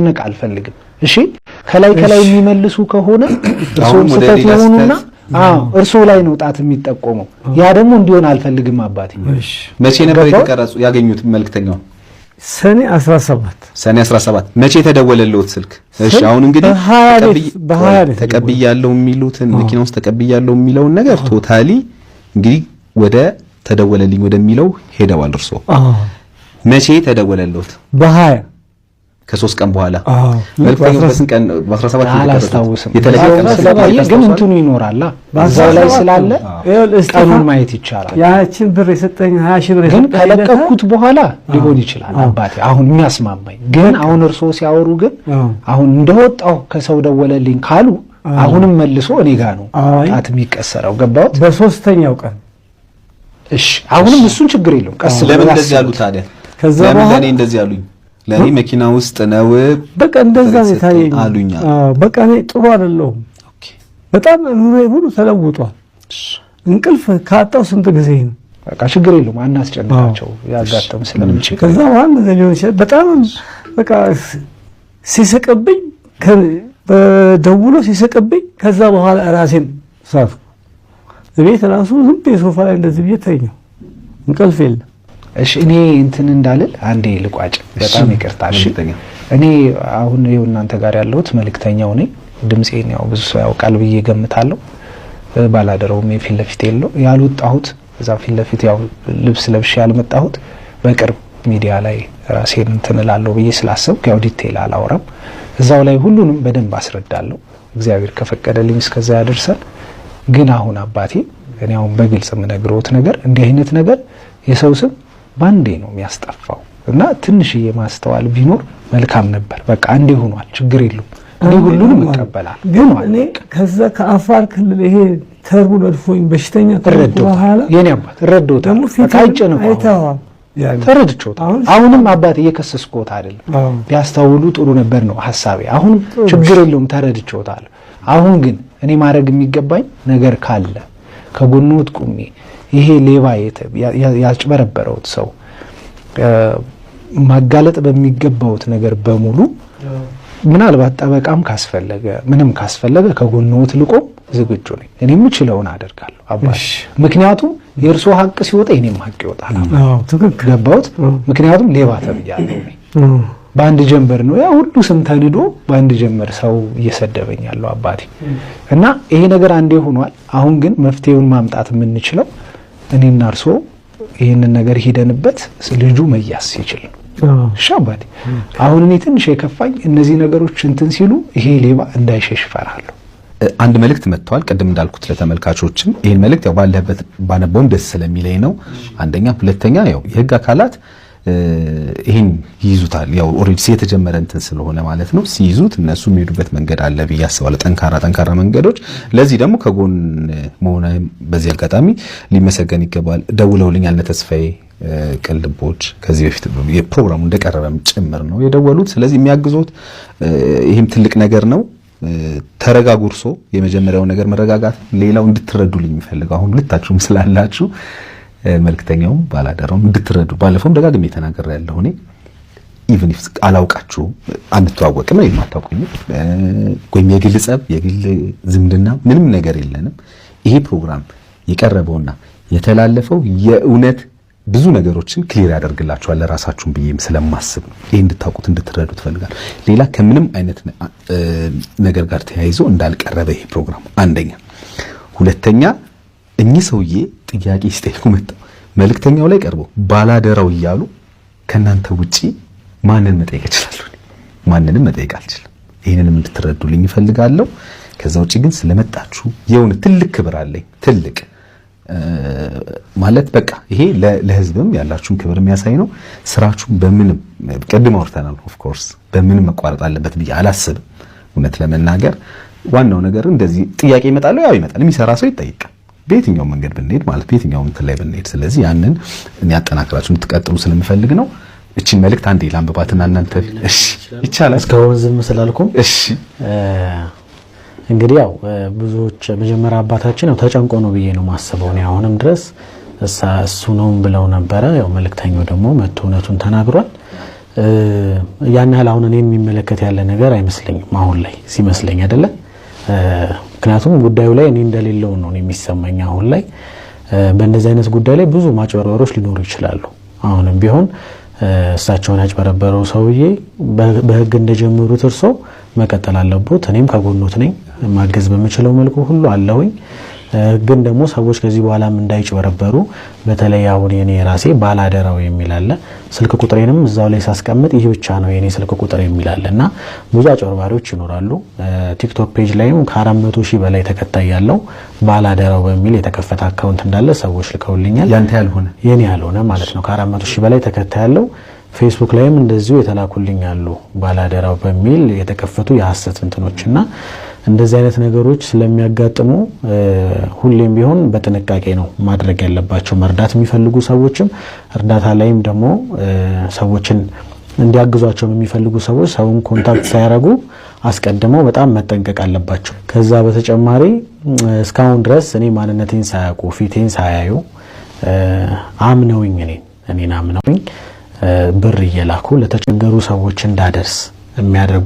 እንዲጨነቅ አልፈልግም። እሺ ከላይ ከላይ የሚመልሱ ከሆነ እርሶም ስህተት የሆኑና እርሶ ላይ ነው ጣት የሚጠቆመው። ያ ደግሞ እንዲሆን አልፈልግም። አባቴ መቼ ነበር የተቀረጹ ያገኙት መልክተኛው? ሰኔ 17 ሰኔ 17 መቼ ተደወለልዎት ስልክ? እሺ አሁን እንግዲህ ተቀብያለሁ የሚሉትን መኪና ውስጥ ተቀብያለሁ የሚለውን ነገር ቶታሊ እንግዲህ ወደ ተደወለልኝ ወደሚለው ሄደዋል። እርሶ መቼ ተደወለልዎት? በሀያ ከሶስት ቀን በኋላ መልክተኛው ቀን በ17 አላስታውስም። ግን እንትኑ ይኖራል በዛው ላይ ስላለ ቀኑን ማየት ይቻላል። ያችን ብር የሰጠኝ ሀያ ሺህ ብር ግን ከለቀኩት በኋላ ሊሆን ይችላል አባቴ። አሁን የሚያስማማኝ ግን አሁን እርስዎ ሲያወሩ ግን አሁን እንደወጣው ከሰው ደወለልኝ ካሉ አሁንም መልሶ እኔ ጋ ነው ጣት የሚቀሰረው። ገባሁት በሶስተኛው ቀን። እሺ አሁንም እሱን ችግር የለውም። ቀስ ለምን እንደዚህ ያሉ ታዲያ? ከዛ በኋላ እንደዚህ ያሉኝ ለእኔ መኪና ውስጥ ነው። በቃ እንደዛ ነው ታየኝ አሉኛ። በቃ እኔ ጥሩ አይደለሁም። በጣም ኑሮ ሙሉ ተለውጧል። እንቅልፍ ካጣው ስንት ጊዜ ነው። በቃ ችግር የለውም አናስጨንቃቸው፣ ያጋጠም ስለምችል ከዛ በኋላ ሊሆን ይችላል። በጣም በቃ ሲስቅብኝ፣ በደውሎ ሲስቅብኝ፣ ከዛ በኋላ ራሴን ሳትኩ። ቤት ራሱ ዝም ብዬ ሶፋ ላይ እንደዚህ ብዬ ተኛው። እንቅልፍ የለም እሺ እኔ እንትን እንዳልል አንዴ ልቋጭ፣ በጣም ይቅርታ። እሺ እኔ አሁን ይኸው እናንተ ጋር ያለሁት መልእክተኛው ነኝ። ድምፄን ያው ብዙ ሰው ያውቃል ብዬ ገምታለሁ። ባላደረውም የፊት ለፊት የለው ያልወጣሁት እዛ ፊት ለፊት ያው ልብስ ለብሼ ያልመጣሁት በቅርብ ሚዲያ ላይ ራሴን እንትን እላለሁ ብዬ ስላሰብኩ ያው ዲቴል አላወራም። እዛው ላይ ሁሉንም በደንብ አስረዳለሁ። እግዚአብሔር ከፈቀደልኝ እስከዛ ያደርሰን። ግን አሁን አባቴ እኔ አሁን በግልጽ የምነግረውት ነገር እንዲህ አይነት ነገር የሰው ስም ባንዴ ነው የሚያስጠፋው እና ትንሽዬ ማስተዋል ቢኖር መልካም ነበር። በቃ እንዲህ ሆኗል፣ ችግር የለም። እንዲህ ሁሉንም ይቀበላል። ግን እኔ ከዛ ከአፋር ክልል ይሄ ተርቡ ነድፎኝ በሽተኛ በኋላ የኔ አባት እረዶታል። አይጨንም ተረድቼዋለሁ። አሁንም አባት እየከሰስኩት አይደለም፣ ቢያስተውሉ ጥሩ ነበር ነው ሀሳቤ። አሁንም ችግር የለውም፣ ተረድቼዋለሁ። አሁን ግን እኔ ማድረግ የሚገባኝ ነገር ካለ ከጎኖት ቁሜ ይሄ ሌባ ያጭበረበረውት ሰው ማጋለጥ በሚገባውት ነገር በሙሉ ምናልባት ጠበቃም ካስፈለገ ምንም ካስፈለገ ከጎንዎት ልቆም ዝግጁ ነኝ። እኔ የምችለውን አደርጋለሁ አባት። ምክንያቱም የእርስዎ ሀቅ ሲወጣ የኔም ሀቅ ይወጣል። ገባሁት? ምክንያቱም ሌባ ተብያለሁ። በአንድ ጀንበር ነው ያ ሁሉ ስም ተንዶ በአንድ ጀንበር ሰው እየሰደበኝ ያለው አባቴ እና ይሄ ነገር አንዴ ሆኗል። አሁን ግን መፍትሄውን ማምጣት የምንችለው እኔና እርሶ ይህንን ነገር ሄደንበት ልጁ መያዝ ሲችል ሻባቴ አሁን እኔ ትንሽ የከፋኝ እነዚህ ነገሮች እንትን ሲሉ ይሄ ሌባ እንዳይሸሽ እፈራለሁ። አንድ መልእክት መጥተዋል። ቅድም እንዳልኩት ለተመልካቾችም ይህን መልእክት ያው ባለህበት ባነበውም ደስ ስለሚለኝ ነው። አንደኛ፣ ሁለተኛ ያው የህግ አካላት ይህን ይይዙታል። ያው ኦልሬዲ የተጀመረ እንትን ስለሆነ ማለት ነው። ሲይዙት እነሱ የሚሄዱበት መንገድ አለ ብዬ አስባለሁ። ጠንካራ ጠንካራ መንገዶች። ለዚህ ደግሞ ከጎን መሆና በዚህ አጋጣሚ ሊመሰገን ይገባል። ደውለውልኛል ተስፋዬ ቅልቦች ከዚህ በፊት የፕሮግራሙ እንደቀረበም ጭምር ነው የደወሉት። ስለዚህ የሚያግዙት ይህም ትልቅ ነገር ነው። ተረጋጉርሶ እርሶ የመጀመሪያው ነገር መረጋጋት። ሌላው እንድትረዱልኝ የሚፈልገው አሁን ሁለታችሁም ስላላችሁ መልክተኛውም ባላደራውም እንድትረዱ ባለፈውም ደጋግሜ የተናገረ ያለሁ እኔ ኢቭን ኢፍ አላውቃችሁም አንተዋወቅም፣ ነው የማታውቁኝ ወይም የግል ጸብ፣ የግል ዝምድና ምንም ነገር የለንም። ይሄ ፕሮግራም የቀረበውና የተላለፈው የእውነት ብዙ ነገሮችን ክሊር ያደርግላችኋል ለራሳችሁን ብዬም ስለማስብ ነው። ይህ እንድታውቁት እንድትረዱ ትፈልጋለሁ። ሌላ ከምንም አይነት ነገር ጋር ተያይዞ እንዳልቀረበ ይሄ ፕሮግራም አንደኛ። ሁለተኛ እኚህ ሰውዬ ጥያቄ ሲጠይቁ መጣ መልእክተኛው ላይ ቀርቦ ባላደራው እያሉ ከእናንተ ውጪ ማንን መጠየቅ እችላለሁ? ማንንም መጠየቅ አልችልም። ይህንንም እንድትረዱልኝ ይፈልጋለሁ። ከዛ ውጭ ግን ስለመጣችሁ የሆነ ትልቅ ክብር አለኝ። ትልቅ ማለት በቃ ይሄ ለህዝብም ያላችሁን ክብር የሚያሳይ ነው። ስራችሁን በምንም ቅድም አውርተናል። ኦፍኮርስ በምንም መቋረጥ አለበት ብዬ አላስብም። እውነት ለመናገር ዋናው ነገር እንደዚህ ጥያቄ ይመጣለሁ፣ ያው ይመጣል። የሚሰራ ሰው ይጠይቃል። በየትኛው መንገድ ብንሄድ ማለት በየትኛው እንትን ላይ ብንሄድ፣ ስለዚህ ያንን ያጠናክራችሁ እንድትቀጥሉ ስለምፈልግ ነው። እቺን መልእክት አንዴ ላንብባትና እናንተ እሺ፣ ይቻላል። እስካሁን ዝም ስላልኩም እሺ። እንግዲህ ያው ብዙዎች መጀመሪያ አባታችን ያው ተጨንቆ ነው ብዬ ነው ማስበው ነው። አሁንም ድረስ እሱ ነው ብለው ነበረ። ያው መልእክተኛው ደግሞ መጥቶ እውነቱን ተናግሯል። ያን ያህል አሁን እኔ የሚመለከት ያለ ነገር አይመስለኝም። አሁን ላይ ሲመስለኝ አይደለም ምክንያቱም ጉዳዩ ላይ እኔ እንደሌለው ነው የሚሰማኝ። አሁን ላይ በእንደዚህ አይነት ጉዳይ ላይ ብዙ ማጭበርበሮች ሊኖሩ ይችላሉ። አሁንም ቢሆን እሳቸውን ያጭበረበረው ሰውዬ በህግ እንደጀመሩት እርሶ መቀጠል አለቦት። እኔም ከጎኖት ነኝ። ማገዝ በምችለው መልኩ ሁሉ አለሁኝ። ግን ደግሞ ሰዎች ከዚህ በኋላም እንዳይጭበረበሩ በተለይ አሁን የኔ ራሴ ባላደራው የሚላለ ስልክ ቁጥሬንም እዛው ላይ ሳስቀምጥ ይህ ብቻ ነው የኔ ስልክ ቁጥር የሚል እና ብዙ አጭበርባሪዎች ይኖራሉ። ቲክቶክ ፔጅ ላይም ከ400 ሺህ በላይ ተከታይ ያለው ባላደራው በሚል የተከፈተ አካውንት እንዳለ ሰዎች ልከውልኛል። ያንተ ያልሆነ የኔ ያልሆነ ማለት ነው። ከ400 ሺህ በላይ ተከታይ ያለው ፌስቡክ ላይም እንደዚሁ የተላኩልኝ አሉ። ባላደራው በሚል የተከፈቱ የሐሰት እንትኖችና እንደዚህ አይነት ነገሮች ስለሚያጋጥሙ ሁሌም ቢሆን በጥንቃቄ ነው ማድረግ ያለባቸው። መርዳት የሚፈልጉ ሰዎችም እርዳታ ላይም ደግሞ ሰዎችን እንዲያግዟቸው የሚፈልጉ ሰዎች ሰውን ኮንታክት ሳያረጉ አስቀድመው በጣም መጠንቀቅ አለባቸው። ከዛ በተጨማሪ እስካሁን ድረስ እኔ ማንነቴን ሳያውቁ ፊቴን ሳያዩ አምነውኝ እኔን እኔን አምነውኝ ብር እየላኩ ለተቸገሩ ሰዎች እንዳደርስ የሚያደርጉ